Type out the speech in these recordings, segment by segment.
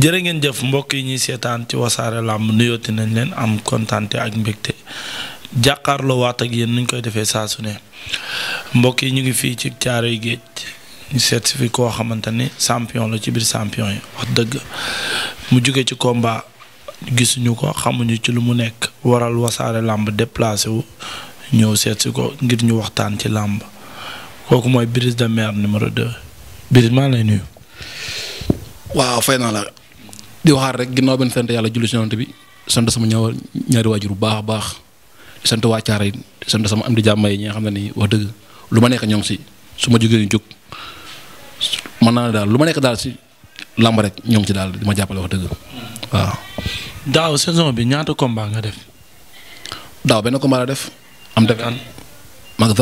jërë ngeen jëf mbokk yi ñuy seetaan ci wasaare làmb nuyooti nañ leen am kontaante ak mbégte jàkkaarloo waat ak yéen nuñ koy defee saa su ne mbokk yi ñu ngi fii ci caaroy géej ñu seet si fi koo xamante ni champion la ci biir champion yi wax dëgg mu juge ci komba gisuñu ko xamuñu ci lu mu nekk waral wasaare làmb déplacé wu ñëw seet si ko ngir ñu waxtaan ci làmb kooku mooy Brise de Mer numéro de Brise maa lay nuyu. waaw fay naa la. di waxaat rek ginnaaw benn sent yàlla julli si yonent bi sant sama ñaar ñaari waajur bu baax a baax di sant waa yi di sant sama am di jàmm yi ñi nga xam ne nii wax dëgg lu ma nekk ñoom si su ma jógee ñu jóg mën naa ne daal lu ma nekk daal si làmb rek ñoom si daal di ma jàppale dëgg waaw. daaw saison bi ñaata combat nga def. daaw benn combat la def. am tamit an mag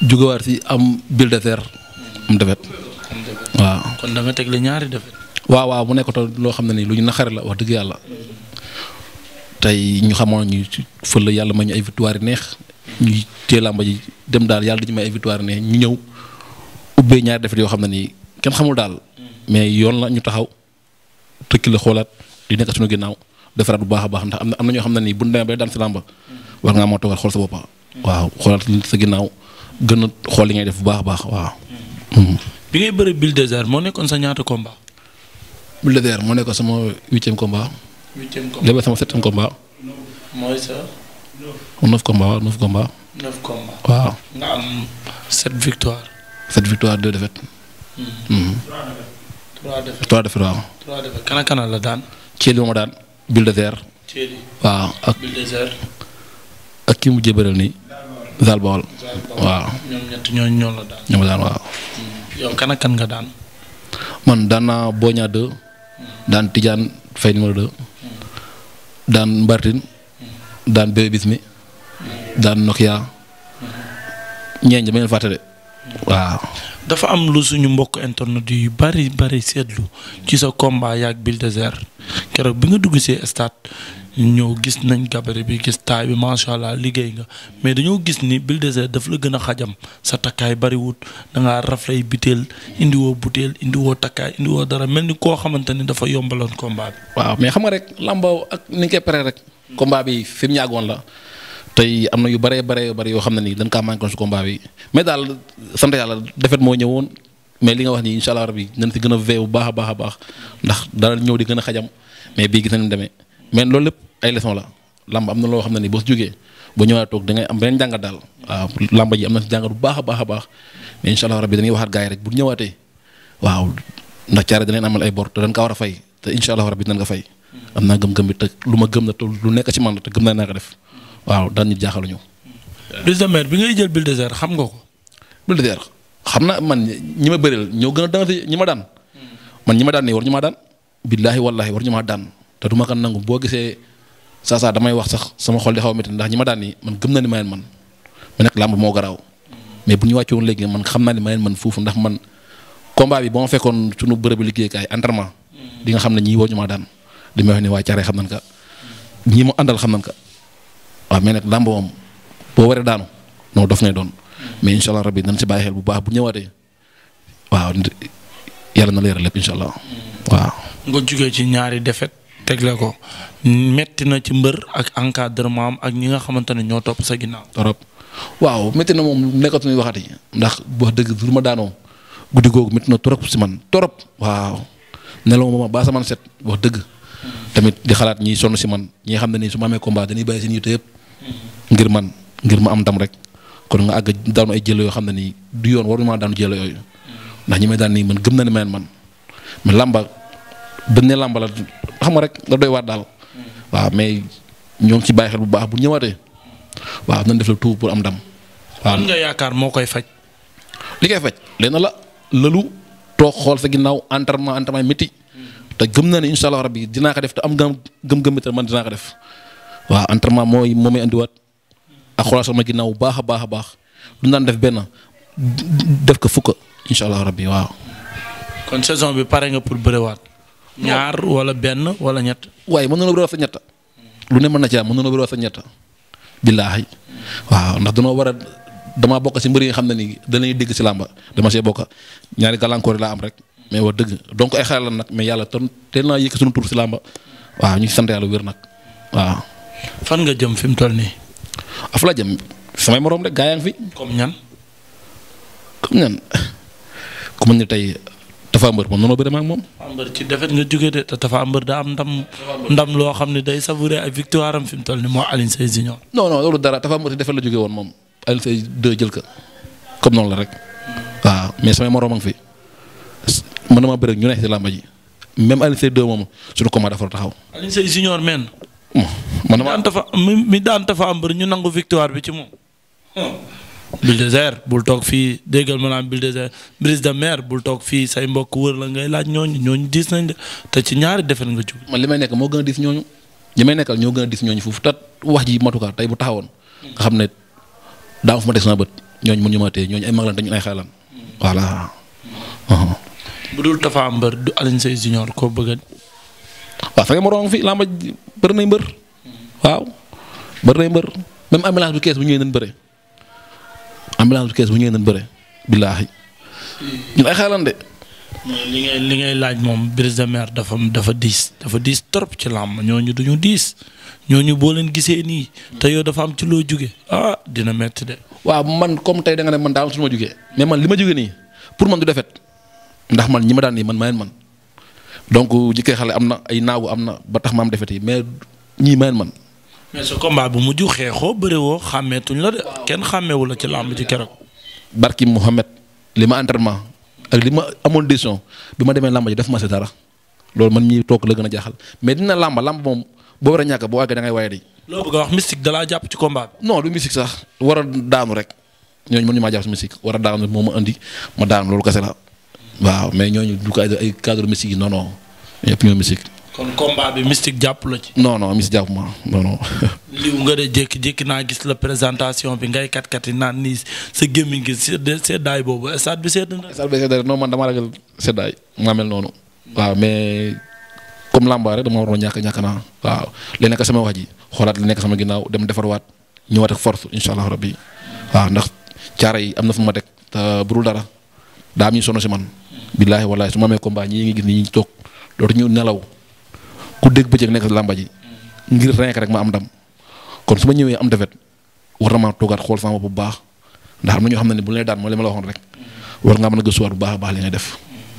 Zal si am Bulldozer. am tamit. waaw kon da nga teg li ñaari def. waaw waaw mu nekkoon loo xam ne nii lu ñu na naxare la wax dëgg yàlla tey ñu xamoon ñu fël la yàlla may ñu ay victoire yu neex ñuy téye làmba ji dem daal yàlla dañu may ay victoire yu neex ñu ñëw ubbee ñaari defet yoo xam ne nii kenn xamul daal mais yoon la ñu taxaw tëkki la xoolaat di nekk suñu ginnaaw defaraat bu baax a baax ndax am na am na ñoo xam ne nii bu ñu demee ba daan si làmba war ngaa moo toogal xool sa boppa waaw xoolaat sa ginnaaw gën a xool yi ngay def bu baax a baax waaw. Hmm. Hmm. bi ngay bëri Bulldozer moo nekkoon sa ñaata combat. Bulldozer moo nekkoon sama huitième combat. huitième combat léegi sama septième combat. mooy sa. waaw neuf victoire. sept victoire deux hmm. Hmm. trois défaites trois waaw. trois la daan. Thiel bi ma daan Bulldozer. Thiel waaw ak Bulldozer. ak ki mu jëbëral nii. waaw. ñoom ñett ñooñu ñoo la daan waaw. Hmm. yow kan kan nga daan. man daan naa Boña 2. daan Tidiane Faye numéro daan Mbartin. daan Bébé Bismi. daan Nokia. ñeeñ dama leen fàtte de. waaw. dafa am lu suñu mbokk internet yu bari bari seetlu ci sa combat yaag Bulldozer keroog bi nga dugg si stade. ñëw gis nañ cabaret bi gis taay bi macha allah liggéey nga mais dañoo gis ni Buldozer daf la gën a xajam sa takkaay bariwut da ngaa raflay butéel indiwoo butéel indiwoo takkaay indiwoo dara mel ni koo xamante ni dafa yombaloon combat bi. waaw mais xam nga rek làmbaw ak ni nga koy paree rek. combat bi fim mu ñaagoon la. tey am na yu bare bëree bëri yoo xam ne nii dañ kaa manqué woon si combat bi mais daal sant yàlla defet moo ñëwoon mais li nga wax nii incha allah rabi nañ gën a veew bu baax a baax baax ndax daal ñëw di gën a xajam mais bii gis nañ demee mais loolu lépp ay leçon la làmb am na loo xam ne ni boo si jógee boo ñëwaat toog dangay ngay am beneen jàngat daal waaw làmb ji am na si jàngat bu baax a baax a baax mais incha allah rabbi dañuy waxaat gars yi rek bu ñëwaatee waaw ndax caare danañ amal ay bor te dañ ko war a fay te incha allah rabbi dinañ ko fay am naa gëm-gëm bi te lu ma gëm na te lu nekk ci man la te gëm naa naa def waaw daan ñu jaaxaluñu. Bulldozer bi ngay jël Bulldozer xam nga ko. Bulldozer xam naa man ñi ma bëreel ñoo gën a daan ñi ma daan man ñi ma daan nii war ñu maa daan billaahi wallaahi war ñu maa daan te du ma nangu boo gisee saa saa damay wax sax sama xol di xaw a métti ndax ñi ma daan nii man gëm na ni ma leen man ma nekk làmb moo garaaw mais bu ñu wàcce woon léegi man xam naa ni ma leen man foofu ndax man combat bi ba ma fekkoon suñu bërëbu liggéeykaay entraînement mm. di nga xam ne ñii woo ñu maa daan li may wax ni waa Thiaré xam nañ ko ñii mu àndal xam nañ ko waaw mais nag làmb moom boo waree daanu noo daf ngay doon mm. mais incha allah rabbi dañ si bàyyi xel bu baax bu ñëwaatee waaw yàlla na leeral lépp incha allah mm. waaw. nga jugee tegle ko metti na ci mbër ak encadrement maam ak ñi nga xamante ne ñoo topp sa ginnaaw torop waaw métti na moom nekkatuñu waxati ndax wax dëgg du ma daanoo guddi googu métti na torop si man torop waaw nelaw ma ba sama set wax dëgg tamit di xalaat ñi sonn si man ñi xam ne nii su ma amee combat dañuy bàyyi seen yitte yëpp ngir man ngir ma am dam rek kon nga àgg daanu ay jël yoo xam ne nii du yoon waruñu ma daanu jël yooyu ndax ñi may daan nii man gëm na ne man man mais làmba dañ ne làmb la xam nga rek nga doy waat daal waaw mais ñoo ngi ci bàyyi xel bu baax bu ñëwaatee waaw nañ def la tout pour am dam waaw nga yaakaar moo koy faj. li koy faj lenn la lëlu toog xool sa ginnaaw entraînement entraînement métti te gëm naa ne incha allah bi dinaa ko def te am gam gëm-gëm bi man dinaa ko def waaw entraînement mooy moo may andiwaat ak xoolal sama ginnaaw bu baax a baax a baax du naan def benn def ko fukk incha allah rabi waaw. kon saison bi pare nga pour bëriwaat. ñaar wala benn wala ñett. waaye mën na la bëri wax sa ñett. lu ne mën na ci am mën na la bëri wax sa ñett. billaahi waaw ndax danoo war a damaa bokk si mbir yi xam ne nii danañu dégg si làmba dama see bokk ñaari gàllankoor yi laa am rek mais wax dëgg donc ay xelal nag mais yàlla ton teel naa yëkk suñu tur si làmba waaw ñu sant yàlla wér nag nga jëm fi mu toll nii. af la jëm samay morom rek gaa fi. comme ñan. comme ni tey Tapha Mbeur moom noonu bëri ma ak moom. Tapha Mbeur ci defet nga jógee de te Tapha Mbeur daa am ndam. ndam loo xam ne day savouré ay victoire am fi mu toll nii moo Alioune Seye Junior. non non loolu dara Tapha Mbeur ci defet la jógee woon moom Alioune Seye 2 jël ko comme noonu la rek. waaw mais samay moroom a ngi fi man damaa bëri ñu ne ma làmb ji même Alioune Seye 2 moom suñu taxaw. Alioune Seye daan Tapha Mbeur ñu nangu victoire bi ci moom. Bulldozer bul toog fii déggal ma naan Bulldozer brise de mer bul toog fii say mbokk wër la ngay laaj ñooñu ñooñu diis nañ te ci ñaari defet nga jóg. man li may nekk moo gën a diis ñooñu li a diis ñooñu foofu te wax ji matukaat tey bu taxawoon nga xam ne daa fu ma teg sama bët ñooñu mën ñu ma ñooñu ay mag lañ te ñu ay xelam voilà. Uh-huh. bu dul Tapha Mbeur du Alioune Sèye Junior koo bëgg a. waaw fekk moroom fi làmba bëri nay mbër. waaw bëri nay mbër même ambulance bu kees bu ñëwee ambulance bu kees bu ngeen nañ bëre billaahi ñun ay xaalan de. li ngay li ngay laaj moom Brise de Mer dafa dafa diis dafa diis trop ci làmb ñooñu duñu diis ñooñu boo leen gisee nii te yow dafa am ci loo jóge ah dina metti de. waaw man comme tey da nga ne man daal su ma jógee mais man li ma jóge nii pour man du defet ndax man ñi ma daan nii man mayeen man donc jikkee xale am na ay naagu am na ba tax ma am defet yi mais ñii mayeen man. mais sa combat xoo mujj woo bëriwoo tuñ la de kenn xàmmeewu la ci làmb ci keroog. barki Mouhamed li ma entraînement ak li ma amoon décision bi ma demee làmb ji def ma si dara loolu man ñi toog la gën a jaaxal mais dina làmb làmb moom boo war ñàkk boo àggee da ngay waaye di. loo bëgg a wax mystique da laa jàpp ci combat bi. non du mystique sax war a daanu rek ñooñu mën ñu maa jàpp si mystique war a daanu rek moo ma andi ma daanu loolu kese la waaw mais ñooñu du ko ay cadre mystique yi non non yëpp ñoo kon combat bi mystique jàpp la ci. non non mystique jàpp ma non non. liw nga de jékki-jékki naa gis la présentation bi ngay kat kat yi naan nii sa gémmiñ gi seddaay boobu stade bi sedd na. stade bi sedd na man dama ragal seddaay maa mel noonu. waaw mais comme làmbaar rek dama waroon ñàkk ñàkk naa waaw li nekk sama wax ji xoolaat li nekk sama ginnaaw dem defar waat ñëwaat ak force incha allah rabbi waaw ndax caara yi am na fu ma teg te burul dara daa am ñu sonn si man. billaahi wallaahi su ma amee combat ñii ngi gis nii ñu toog dootuñu nelaw. ku dégg bëccëg nekk si làmba ji ngir renk rek ma am dam kon su ma ñëwee am defet war na maa toogaat xool sama bopp bu baax ndax am na ñoo xam ne bu lay daan mooy ma la waxoon rek war ngaa mën a gëstuwaat bu baax a baax li def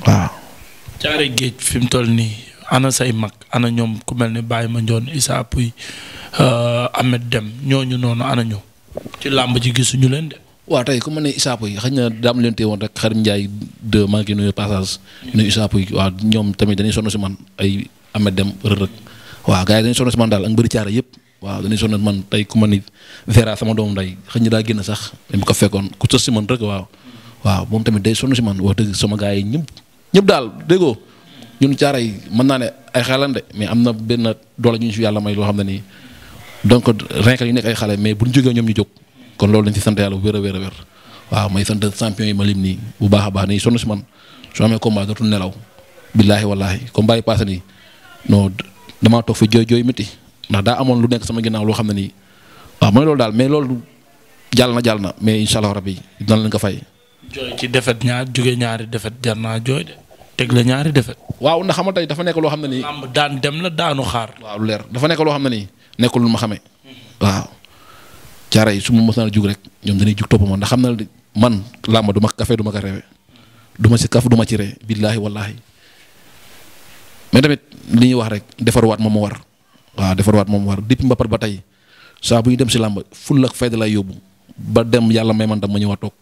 waaw. géej fi mu toll nii ana say mag ana ñoom ku mel ne Baye Mandione Issa Pouye euh, Ahmed Dem ñooñu noonu ana ñu ci làmb ji ñu leen de. waa tey ku ma na Issa Pouye xëy na daam leen tey woon rek Xarim Ndiaye de maa ngi nuyu passage mm-hmm. nuyu Issa Pouye waaw ñoom tamit dañuy sonn si man ay. Ameth Deme rërëg waa gars yi dañuy sonn si man daal ak mbëri caara yëpp waaw dañuy sonn si man tey ku ma ni daa génn sax dañ ko fekkoon ku sës waaw waaw moom tamit day sonn si man wax dëgg sama gars yi ñëpp ñëpp daal déggoo ñun caara yi mën naa ne ay xelan de mais am na benn doole ñu yàlla may loo xam ne nii donc renk yu nekk ay xale mais bu ñu jógee ñoom ñu jóg kon loolu dañ si sant a wér a wér waaw may sant champion yi ma lim nii bu baax a baax dañuy sonn si man su amee combat dootul nelaw billaahi wallaahi combat yi passé nii non damaa toog fi jooy jooy métti ndax daa amoon lu nekk sama ginnaaw loo xam ne nii waaw mooy loolu daal mais loolu jàll na jàll na mais incha allah rabi dina leen ko fay. ci defet ñaar jóge ñaari defet jar naa jooy teg la ñaari defet. waaw ndax xam nga tey dafa nekk loo xam ne nii. làmb daan dem la daanu xaar. waaw lu leer dafa nekk loo xam ne nii nekkul lu ma xamee. waaw caare yi su ma mos naa jug rek ñoom dañuy jug topp ma ndax xam na man làmb du ma kafe du ma ko rewe du ma si kaf du ma ci ree billaahi wallaahi mais tamit li ñuy wax rek defarwaat moom moo war waaw defarwaat moom moo war depuis mbapat ba tey saa bu ñu dem si làmb fulla ak fayda lay yóbbu ba dem yàlla may man tam ma ñëwaat toog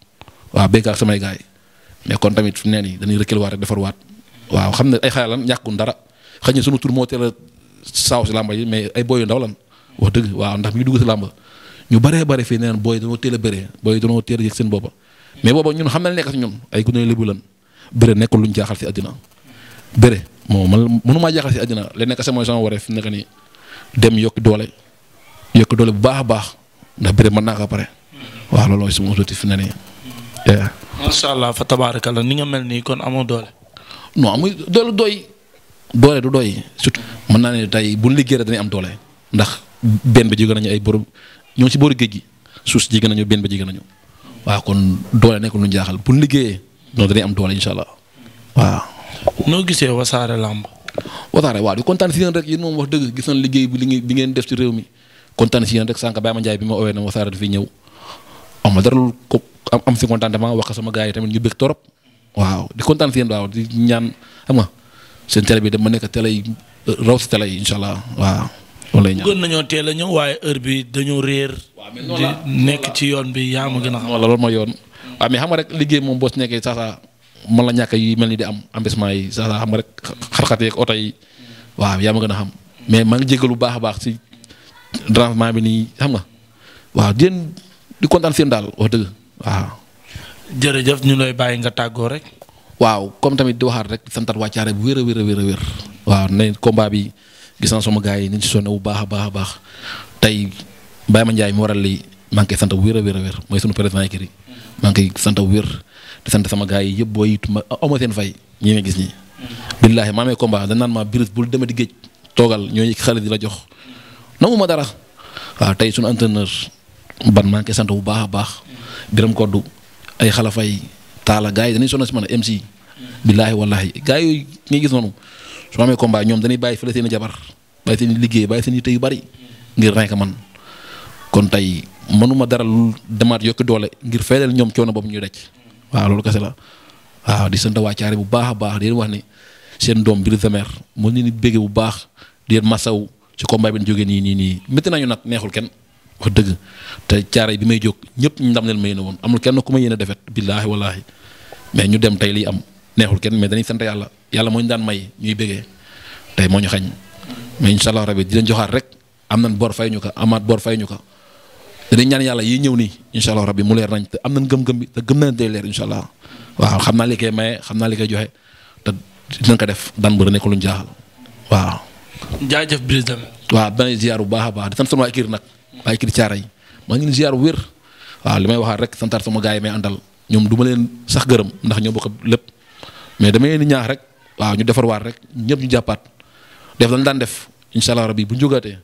waaw béykat samay gars mais kon tamit fu mu ne nii dañuy rëkkale waat rek waat waaw xam ne ay xale lan ñàkkul dara xëy na sunu tur moo teel a saaw si làmb yi mais ay booy yu ndaw lan wax dëgg waa ndax mi ngi dugg si làmb ñu bare bëri fii nee na booy dañoo teel a bëree booy yi dañoo teel a yëg seen boppa mais booba ñun xam na nekk si ñun ay gune lébu lan bëre nekkul luñ jaaxal si àddina moom man mënu maa jaaxal si àddina lenn nekk mooy sama wareef fi mu nekk nii dem yokk doole yokk doole bu baax a baax ndax bëri man naa ko pare waaw loolu mooy sama objectif fi ne nii. macha allah fa tabaarakalla ni nga mel nii kon amoo doole. non amul doole doy. du doy surtout. mën naa ne tey bu ñu liggéey rek am doole ndax benn bi jege nañu ay borom ñoo si booru géej gi suuf si jege nañu benn bi jege nañu waaw kon doole nekkul lu jaaxal bu ñu liggéeyee noonu dañuy am doole incha allah waa noo gisee wasaare làmb wasaare waaw di kontaan si yéen rek yéen moom wax dëgg gis nañ liggéey bi bi ngeen def ci réew mi kontaan si yéen rek sànq Baye Mandiaye bi ma ma dara lu ko am am si contentement wax sama gars yi tamit ñu bëgg torop waaw di kontaan si yéen waaw di ñaan xam nga seen télé bi dama nekk télé yi euh, raw si télé yi incha allah waaw. wala ñaan gën nañoo a ñëw waaye heure bi dañoo réer. di nekk yoon bi yaa ma gën a xam. wala yoon waaw mais xam nga rek liggéey moom boo si nekkee saa saa man la ñàkk yi mel ni di am embêtement yi saa xam nga rek xarxate ak oto yi waaw yaa ma gën a xam mais man ngi jégalu baax a baax si dérangement bi nii xam nga waaw di leen di kontaan daal wax dëgg waaw. bàyyi nga tàggoo rek. waaw comme tamit di waxaat rek santat waa Thiaré bu wér a wér a wér a wér waaw ne combat bi gis naa sama gars yi nañ si sonné bu baax a baax a baax tey Baye Ma Ndiaye mi waral lii man ngi koy bu wér a wér a wér mooy sunu président écurie maa ngi koy sant wér di sant sama gars yi yëpp boo it ma aw ma seen fay ñi nga gis ñi billaahi maa amee combat dañ naan ma biris bul demee di géej toogal ñooñu xale di la jox nangu ma dara waaw tey suñu entraîneur ban maa sant bu baax a baax biram koddu ay xalafay taala gars yi dañuy sonn si man MC billaahi wallaahi gars yooyu ngay gis noonu su ma amee combat ñoom dañuy bàyyi fële seen jabar bàyyi seen liggéey bàyyi seen yitte yu bari ngir rek man kon tey mënuma dara demaat yokki doole ngir feedeel ñoom coono boobu ñu daj waaw loolu kese la waaw di sant waa Thiaré bu baax a baax di leen wax ni seen doom Brise de Mer mu ni bége bu baax di ma masaw si combat bi ñu jógee nii nii nii métti nañu nag neexul kenn wax dëgg te Thiaré bi may jóg ñëpp ndam leen ma yéene woon amul kenn ku ma yéene defet billaahi wallaahi mais ñu dem tey lii am neexul kenn mais dañuy sant yàlla yàlla moo ñu daan may ñuy béggee tey moo ñu xañ mais incha allah rabi di leen joxaat rek am nañ bor fay ñu ko amaat bor fay ñu ko dañ ñaan yàlla yi ñëw nii incha allah rabbi mu leer nañ te am nañ gëm-gëm bi te gëm nañ day leer incha allah waaw xam naa li koy maye xam naa li koy joxe te dinañ ko def daan bëri nekkul luñ jaaxal waaw. jaajëf Brise de Mer. waaw bu baax a baax di sant sama waa Ikir nag. waa Ikir caara yi maa ngi li may waxaat rek santaat sama gars yi may àndal ñoom du ma leen sax gërëm ndax ñoo bokk lépp mais damay leen ñaax rek waaw ñu defarwaat rek ñëpp ñu jàppaat def lan daan def incha allah rabbi bu ñu jógaatee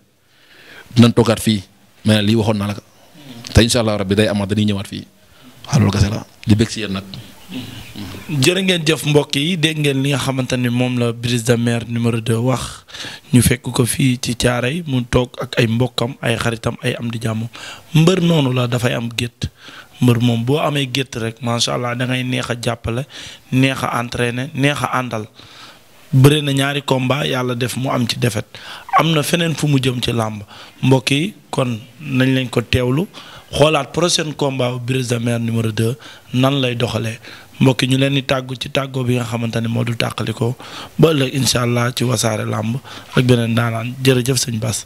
dinañ toogaat fii mais lii waxoon naa la te incha allah rabbi day amaat dañuy ñëwaat fii waaw loolu kese la di bëgg si yéen nag. jërë ngeen jëf mbokk yi dégg ngeen li nga xamante ni moom la Brise de Mer numéro de wax ñu fekk ko fii ci caara yi mu toog ak ay mbokkam ay xaritam ay am di jàmm mbër noonu la dafay am gétt mbër moom boo amee gétt rek macha allah da ngay neex a jàppale neex a entraîner neex a àndal bëri na ñaari komba yàlla def mu am ci defet am na feneen fu mu jëm ci làmb mbokk yi kon nañ leen ko teewlu. xoolaat prochain combat Brise de Mer numéro 2 nan lay doxalee mbokki ñu leen di tàggu ci tàggoo bi nga xamante ne moo du tàqaliko ba ëllëg incha allah ci wasaare làmb ak beneen daanaan jërëjëf sëñ Bass.